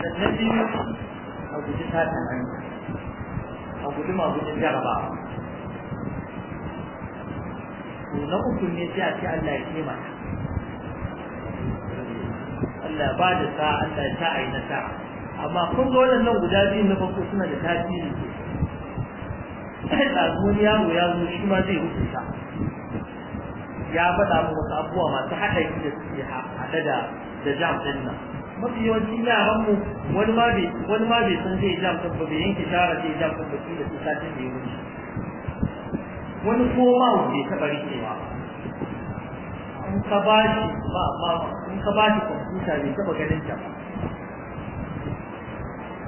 sannan biyu a guji tashin hanya a guji magudin jarabawa to na uku ne sai a ce Allah ya taimaka Allah ba da sa Allah ya sa a yi nasara amma kun ga waɗannan guda biyu na farko suna da tasiri sai ɗazuwar yaro ya zo shi ma zai hukunta ya faɗa mu wasu abubuwa masu haɗari da suke haɗe da da jam ɗin nan mafi yawanci yaranmu wani ma bai wani ma bai san zai jam tabba bai yanke shara zai jam tabba shi da kusa ta da yawanci wani ko ma bai taɓa ba in ka ba shi ba ba in ka ba shi kwamfuta bai taɓa ganin ta ba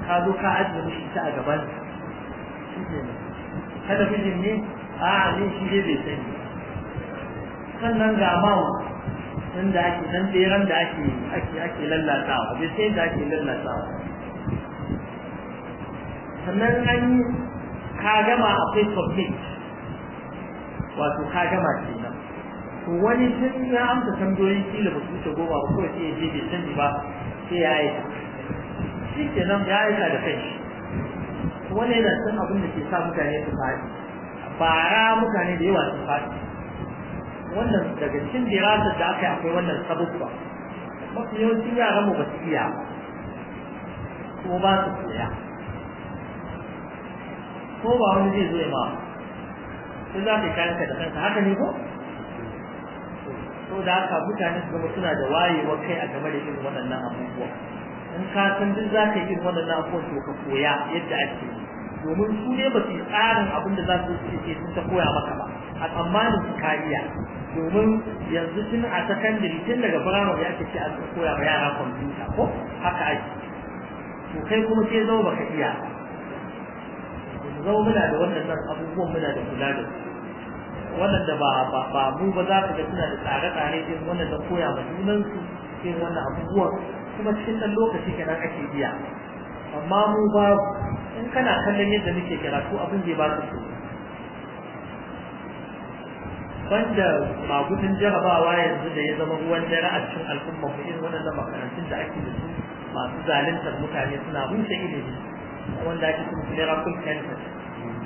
ka zo ka ajiye mishi ta a gaban shi kada fijin ne a'a ne shi zai bai sani sannan ga mawu nan da ake nan tseren da ake ake ake a bi sai da ake lallata sannan an yi ka gama akwai submit wato ka gama kenan to wani sun ya amsa tambayoyi kila ba su goma ba kawai sai ya je bai sani ba sai ya yi shi kenan ya yi da kai wani yana son abin da ke sa mutane su fadi bara mutane da yawa su fadi wannan daga cikin dirasar da aka yi akwai wannan sabuwa mafi yawanci yara mu ba su iya ko ba su koya ko ba wani zai zo ya ma sai za ka yi ka da kanka haka ne ko so da haka mutane su zama suna da wayewa kai a game da irin waɗannan abubuwa in ka san duk za ka yi irin waɗannan abubuwa to ka koya yadda ake yi domin su ne ba su yi tsarin abin da za su ce sun ta koya maka ba a tsammanin kariya domin yanzu tun a sakandare tun daga firamare ake ce a koya ma yara kwamfuta ko haka ake to kai kuma sai ba baka iya zo muna da wannan abubuwan muna da kula da su Wannan ba ba mu ba za ka ga suna da tsare-tsare din wannan da koya ba junansu, su wannan abubuwan kuma cikin ɗan lokaci kenan ake iya amma mu ba in kana kallon yadda muke karatu abin zai ba su so banda magudin jarabawa yanzu da ya zama ruwan dare a cikin al'umma ku irin waɗannan makarantun da ake da su masu zaluntar mutane suna rushe ilimi wanda ake kuma miracle center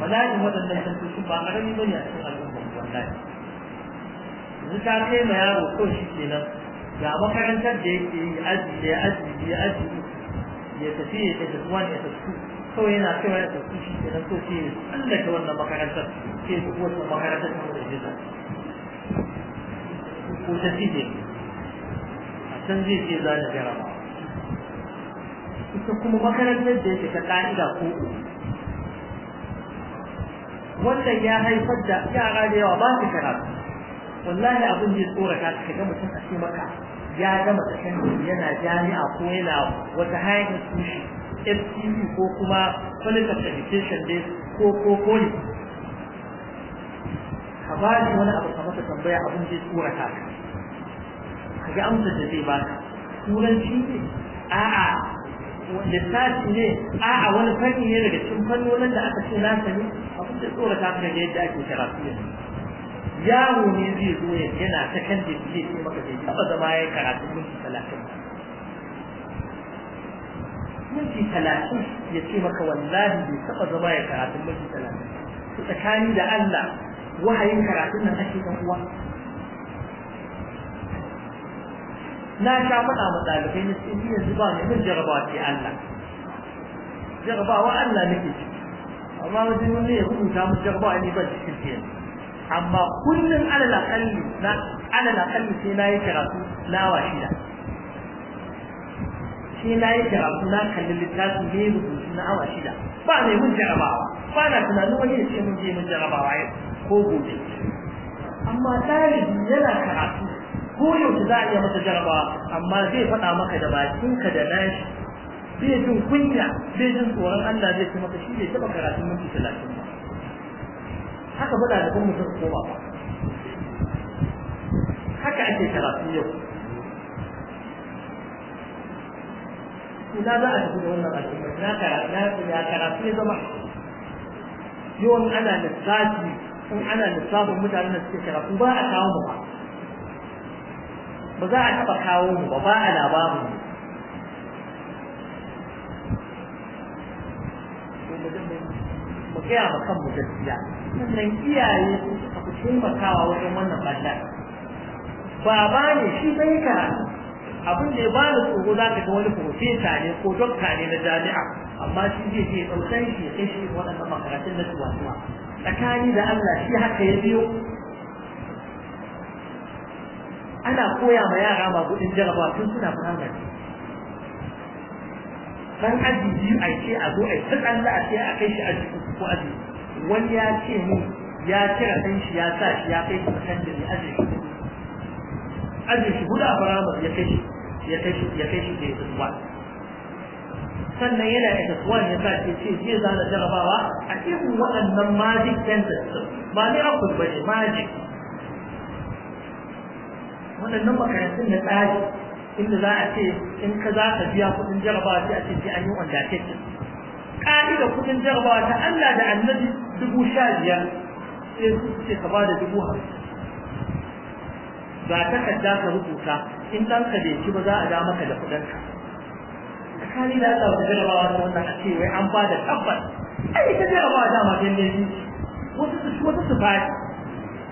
bala'in waɗannan sun ba ƙarami bane a cikin al'umma ku wallahi yanzu ta kai ma yaro ko shi kenan ga makarantar da yake yi aji da ya aji da ya aji ya tafi ya tafi wani ya tafi kawai yana kawai ya tafi shi nan ko sai ya tsallaka wannan makarantar ke ya tafi wannan makarantar ta wani jiza ko zai za jaraba ita kuma makarantar da yake ta ka'ida ko wannan ya haifar da yara da yawa ba su karatu wallahi abin zai tsorata ka mutum a maka ya yana jami'a ko yana wata high ko kuma ko ka ba shi wani abu ka masa tambaya abin zai tsorata ka ka ga Amsa da zai baka turanci ne a'a lissafi ne a'a wani fanni ne daga cikin fannonin da aka ce na sani abin da tsora ta da yadda ake karatu yanzu yaro ne zai zo yana ta kan da zai ce maka zai taba zama ya karatu minti talatin minti talatin ya ce maka wallahi bai taba zama ya karatu minti talatin tsakani da Allah wahayin karatun nan ake kan uwa na sha faɗa ma ɗalibai na cikin yanzu ba ne min jarabawa ce Allah jarabawa Allah nake ciki amma wajen wani ya rubuta mu jarabawa ne ba cikin yanzu amma kullum alal akalli na alal akalli sai na yi karatu na wa shida sai na yi karatu na kalli littafi ne rubutu na awa shida ba ne mun jarabawa ba na tunanin wani ya ce mun je mun jarabawa yau ko gobe amma ɗalibi yana karatu ko yaushe za a iya masa jaraba amma zai faɗa maka da bakinka da nashi zai jin kunya zai jin tsoron Allah zai ci maka shi bai taɓa karatun minti talatin ba haka bada da kuma sun koma ba haka ake karatu yau ina za a tafi da wannan al'umma na karatu ya zama yawan ana in ana lissafin mutanen da suke karatu ba a kawo ba ba za a taɓa kawo mu ba ba a labarin mu gaya ma kanmu gaskiya sannan iyaye a ku taimakawa wajen wannan ɓallar baba ne shi bai ka abin da ya ba da tsoro za ka ga wani profesa ne ko dokta ne na jami'a amma shi zai je ɗaukan shi ya kai shi waɗannan makarantun na tuwa tsakani da Allah shi haka ya biyo ana koya ma yara ma kudin jaraba tun suna firamare dan aji biyu a ce a zo a ta tsalla a ce a kai shi a uku ko aji wani ya ce ni ya kira dan shi ya sa shi ya kai shi sakandare aji aji shi guda firamare ya kai shi ya kai shi ya kai shi da zuwa sannan yana da kasuwan ya sa ke ce zai zana jarabawa a irin waɗannan magic sentences ba ne akwai ne, magic waɗannan makarantun na tsari inda za a ce in ka za ka biya kuɗin jarabawa sai a ce sai an yi wanda take ƙa'ida kuɗin jarabawa ta Allah da annabi dubu sha biyar sai su ce ka ba da dubu hamsin ta kadda ka rubuta in ɗanka bai ci ba za a da maka da kuɗinka tsakani da Allah wata jarabawa ta wannan a ce wai an ba da tabbas ai ita jarabawa dama ta ne wasu su wasu su bashi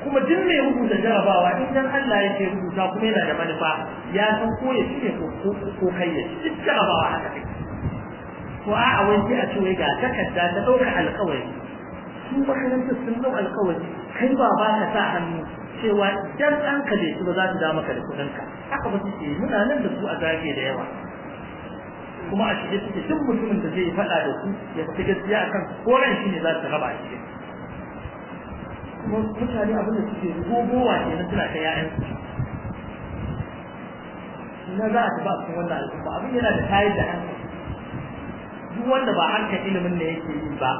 kuma duk mai rubuta jarabawa idan Allah yake rubuta kuma yana da manufa ya san ko ya cike ko kai ya jarabawa haka kai ko a a wani a ce wai ga takarda ta dauka alkawari su makarantar sun dauka alkawari kai ba ba ka sa hannu cewa dan an ka da ba za su da maka da ka haka ba su ce muna nan da su a zage da yawa kuma a shige suke duk mutumin da zai faɗa da su ya fita gaskiya akan koren shi ne za su raba shi mutane abin da suke gogowa ke na suna ta yayan na za a ba a wannan al'umma abin yana da tayar da hankali duk wanda ba harkar ilimin da yake yi ba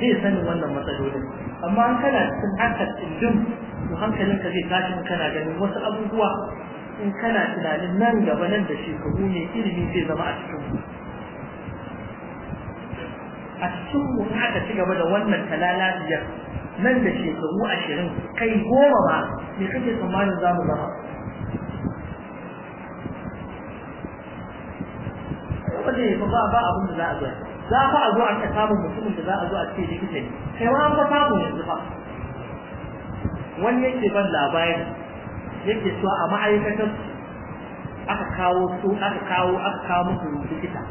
zai sanin wannan matsalolin amma an kana cikin harkar tsindin to ka zai tashi kana ganin wasu abubuwa in kana tunanin nan gaba nan da shekaru ne ilimi zai zama a cikin a cikin mu aka ci gaba da wannan talalatiyar nan da shekaru ashirin kai goma ba me kake tsammanin za mu zama wanda ya ba ba abin da za a zo za fa a zo an ta samun mutumin da za a zo a ce likita ne kai ma an fa samu yanzu fa wani yake ban labarin yake cewa a ma'aikatar aka kawo su aka kawo aka kawo musu likita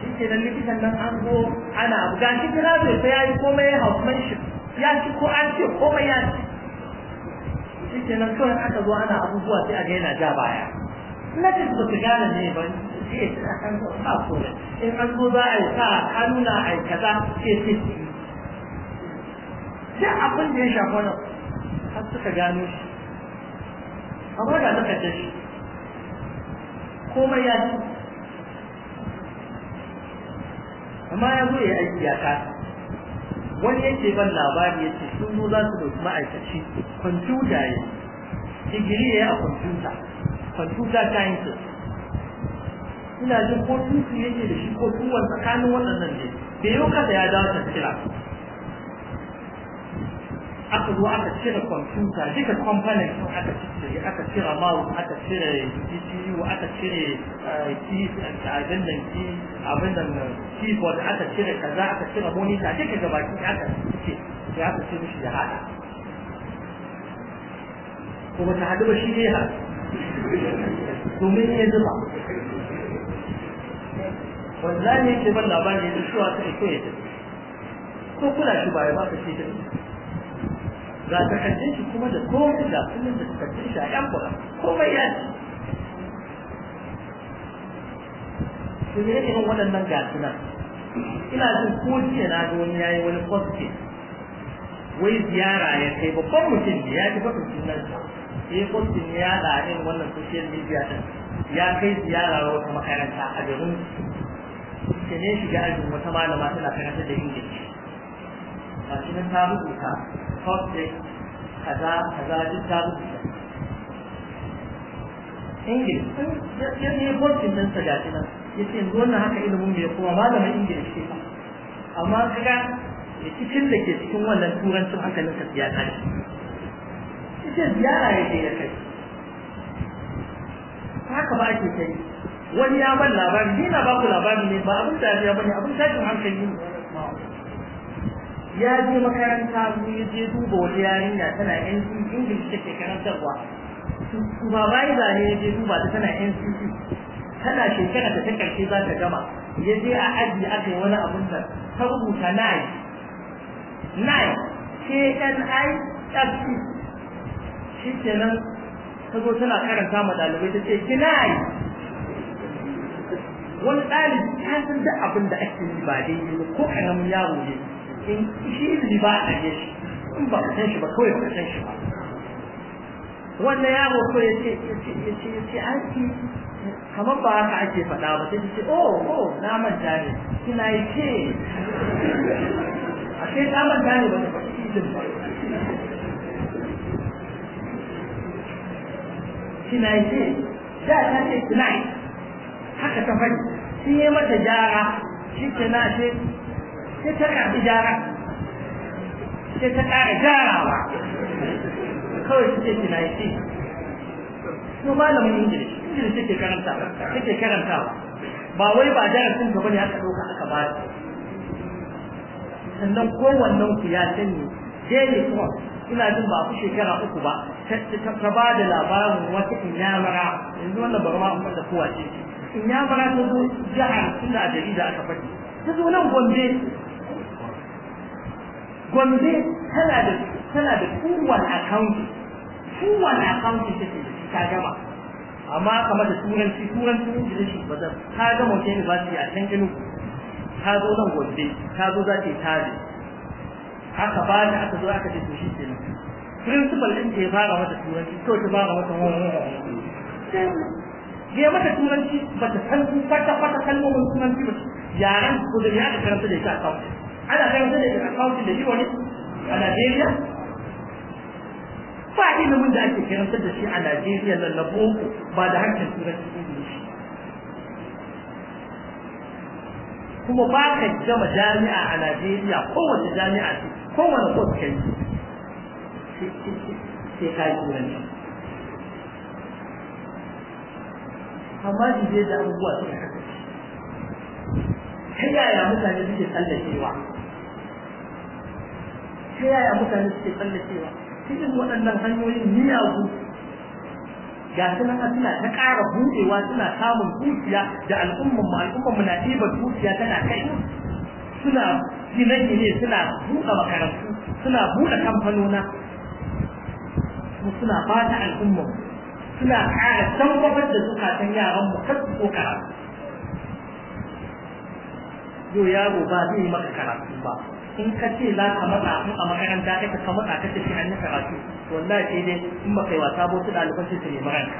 shi ke nan likitan nan an zo ana abu ga shi kira bai sai ya yi komai ya hau shi ya ci ko an ce komai ya ci shi ke nan kawai aka zo ana abubuwa sai a ga yana ja baya na ce ba su gane ne ba sai a kan ba ko in an zo za a yi sa kanuna a yi kaza ke ce? su sai abin da ya shafa wannan har suka gano shi amma da suka ce shi komai ya ci amma ya zo ya aiki ya kasa wani yake ban labari ya ce sun zo za su dauki ma'aikaci kwamfuta ya digiri ya yi a kwamfuta kwamfuta sciences ina jin ko tutu yake da shi ko tuwon tsakanin waɗannan ne bai yau kada ya dawo tattila aka zo aka cire kwamfuta duka kwamfanin sun aka cire aka cire mouse aka cire CPU aka cire eh, abin nan ki abin nan keyboard aka cire kaza aka cire monita duka gaba ki aka ce ya aka ce mishi ya hada ko ba ta hadu ba shi ne ha domin ya zuba wanda ne ke ban labarin da shi wa ta ya ko kula shi ba ya ba ka ce ta ga takardun shi kuma da komai da kullum da takardun shi a yan kula komai ya ci su ne irin waɗannan gasunan ina jin ko jiya na ga wani yayi wani posti wai ziyara ya kai babban mutum ne ya ji bakin sunan sa sai postin ya da irin wannan social media din ya kai ziyara wata makaranta a garin shi ne shiga ajin wata malama tana karanta da ingilishi ba shi nan ta rubuta subject kaza kaza duk ta rubuta English ya ne ya ɗinsa ya ce haka ilimin malamin ce ba amma kaga da cikin da ke cikin wannan turancin hankalin ka ya tashi ita ziyara ya je ya kai haka ba ake kai wani ya ban labari ni na ba ku labari ne ba abin da ya bane abin tashin hankali ne ya je makaranta ya je duba wata yarinya tana NCC English take karantarwa supervisor ne ya je duba ta tana NCC tana shekara ta ta karshe za ta gama ya je a aji aka yi wani abun da ta rubuta nine nine K-N-I-F-C shi kenan ta zo tana karanta ma ɗalibai ta ce kinai wani ɗalibi ta san duk abin da ake yi ba daidai ba ko ƙaramin yaro ne in shi izini ba a ne shi in ba ka san shi ba kawai ba ka san shi ba wannan yaro ko ya ce ya ce ya ce ya ci, aiki kamar ba haka ake faɗa ba sai ce oh oh na manta ne kina yi ce a ce ta manta ne ba ta faɗi izin ba kina yi ce da ta ce tonight haka ta faɗi shi ya mata jara shi ke na ce sai ta ƙarfi gyara sai ta ƙara jarawa, kawai su ce kina yi ko malamin ingilishi ingilishi suke karanta, suke karantawa ba wai ba darasin gaba ne aka ɗauka aka ba sannan kowannen ku ya sani daily kuma, ina jin ba ku shekara uku ba ta ba da labarin wata inyamara yanzu wannan bari ma amma da kowa inyamara ta zo jihar suna jarida aka faɗi ta zo nan gombe gombe tana da tana da kowane akaunti kowane akaunti ta ta gama amma kamar da turanci turanci ne da shi ba ta gama wata university a can kinu ta zo nan gombe ta zo za ta yi tare aka ba da aka zo aka ce to shi ke principal ɗin ke fara mata turanci to ta fara mata wani bai mata turanci ba ta san ta fata kalmomin turanci ba yaran ko da ya karanta da shi a kawai ana karanta da accounting da shi wani a Najeriya ba ilimin da ake karanta da shi a Najeriya nan na boko ba da hankali harshen turanci English kuma ba ka gama jami'a a Najeriya kowace jami'a ce kowane course kai sai ka yi turanci amma shi da abubuwa suka ta yaya mutane suke tsallacewa? ta yaya mutane suke cikin waɗannan hanyoyin miyagu ga su nan suna ta ƙara buɗewa suna samun dukiya da al'umman mu al'umman mu na ɗiba dukiya tana kai suna gine-gine suna buɗe makarantu suna buɗe kamfanona suna ba ta al'umman suna ƙara tabbatar da zukatan yaran mu kar su ko karatu yau yaro ba zai maka karatu ba in ka ce za ka matsa in a makaranta kai ka matsa ka tafi hannun karatu wallahi sai dai in ba kai wasa su ɗaliban sai su nemi ranka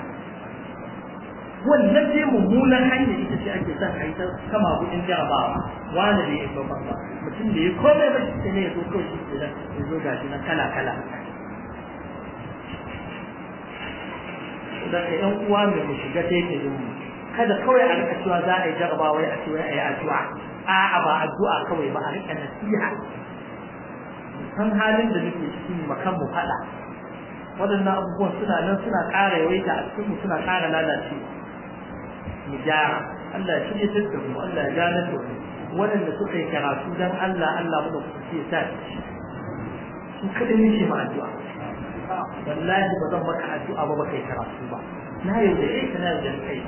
wannan dai mummunan hanyar ita ce ake son a yi ta kama kuɗin jarabawa wani da ya yi ba mutum da ya komai ba shi ne ya zo kawai shi ke ya zo gashi na kala kala daga yan uwa mai mu shiga tekerin mu kada kawai a rika cewa za a yi jarabawa a ce a yi addu'a a'a ba addu'a kawai ba a kan nasiha san halin da nake cikin makan mu fada waɗannan abubuwan suna nan suna ƙara yawaita a cikin mu suna ƙara lalace mu gyara Allah ya shirye da mu Allah ya da mu waɗanda suka yi karatu dan Allah Allah mu da ku ce sa su kada ne shi ma addu'a wallahi ba zan maka addu'a ba ba kai karatu ba na yau da kai na yau da kai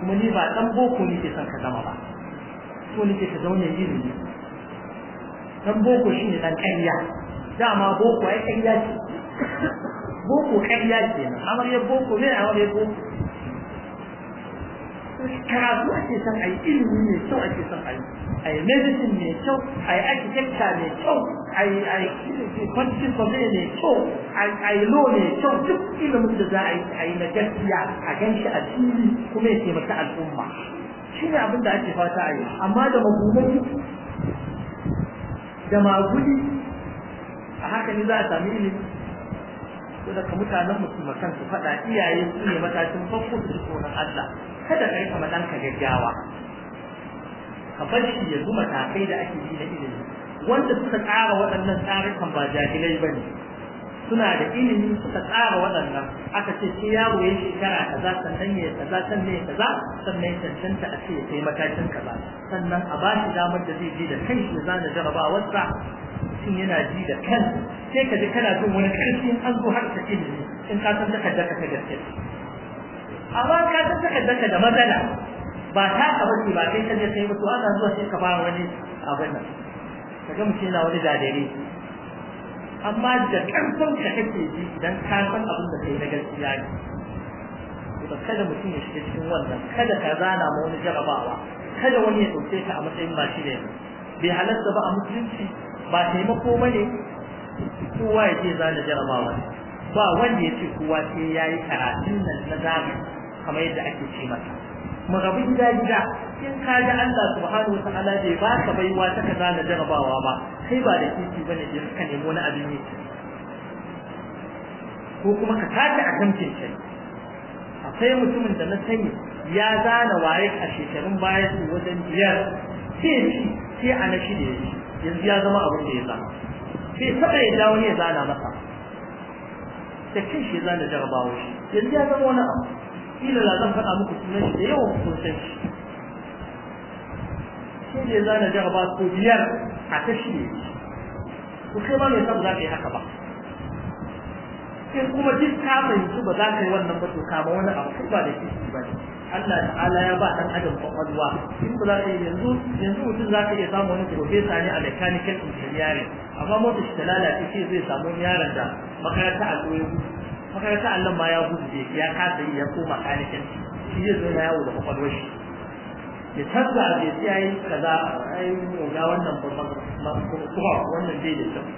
kuma ni ba dan boko ke son ka zama ba so ke ka zauna ilimi dan boko shine dan ƙarya dama boko ai ƙarya ce boko ƙarya ce amaryar boko ne amaryar boko karatu ake son a yi ilimi ne kyau ake son a yi a medicine mai kyau a architecture mai kyau a yi mai kyau a mai kyau duk ilimin da za a yi na gaskiya a gan shi a fili kuma ya taimaka al'umma shi ne abin da ake fata a yi amma da magumai da maguli a haka ne za a sami ilimi ko daga mutanen musulman kansu faɗa iyaye su ne matakin farko su tsoron Allah kada ka yi kama ɗanka gaggawa ka bashi ya zuma matakai da ake yi na ilimi wanda suka tsara waɗannan tsarukan ba jahilai ba ne suna da ilimi suka tsara waɗannan aka ce sai yaro ya shekara kaza sannan ya kaza sannan ya kaza sannan ya cancanta a ce ya kai matakin kaza sannan a ba shi damar da zai je da kan shi zana jarabawarsa shin yana ji da kan sai ka ji kana jin wani ƙarfin an zo har ka ilimi in ka san takardar ka ta gaske amma ka san takardar ka da matsala ba ta ka bace ba kai kaje sai mutu ana zuwa sai ka fara wani abin nan kaga mutum yana wani dadare amma da karfin ka kake ji dan ka san abin da kai na gaskiya ne to kada mutum ya shiga cikin wannan kada ka zana ma wani jarabawa kada wani ya dauke ka a matsayin ba shi ne bai halatta ba a mutunci ba taimako ba ne kowa ya ce zana jarabawa ba wanda ya ce kowa sai ya yi karatun nan na zamani kamar yadda ake ce mata magabi gida gida in ka ji Allah subhanahu wa ta'ala bai ba ka baiwa ta kaza na jarabawa ba kai ba da kici bane da ka nemi wani abin yi ko kuma ka tashi a kan kai akwai mutumin da na sani ya zana waye a shekarun baya su wajen biyar sai shi sai a na shi da yanzu ya zama abin da ya zama sai saba ya dawo ne ya zana masa da kan shi ya zana jarabawa shi yanzu ya zama wani abu kila la zan faɗa muku sunan shi da yawan sosai shi shi ne za na jaraba ko biyar a kashi ne ku kai ba mai sabu za ka yi haka ba sai kuma duk ka fahimci ba za ka yi wannan ba to ba wani abu ba da shi ba ne Allah ta'ala ya ba dan adam kwakwalwa in ba za ka yi yanzu yanzu mutum za ka iya samu wani profesa ne a mechanical engineering amma motar shi ta lalace shi zai samu yaron da makaranta a koyo makaranta Allah ma ya gudu je ya kasa yi ya koma kanikin shi zai zo na yawo da kwakwalwar shi ya tabba a bai sai kaza ai ga wannan kuma wannan zai da kyau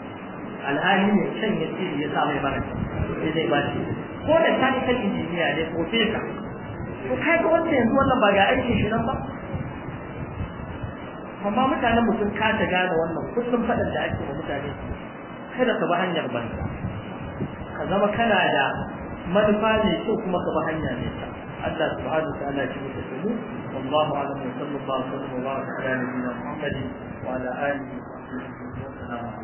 alhali ne can ya tsiri ya sa mai baraka sai zai ba shi ko da kanikin injiniya ne ko fesa ko kai ga wannan yanzu wannan ba ga aikin shi nan ba amma mutanen mutum ka ta gane wannan kullum faɗin da ake wa mutane kada ka bi hanyar banza zama kana da manufa ne ko kuma ka bi hanya ne Allah subhanahu wa ta'ala ya ci da mu wallahu a'lam wa sallallahu alaihi wa sallam wa baraka ala nabiyyina Muhammad wa ala alihi wa sahbihi wa sallam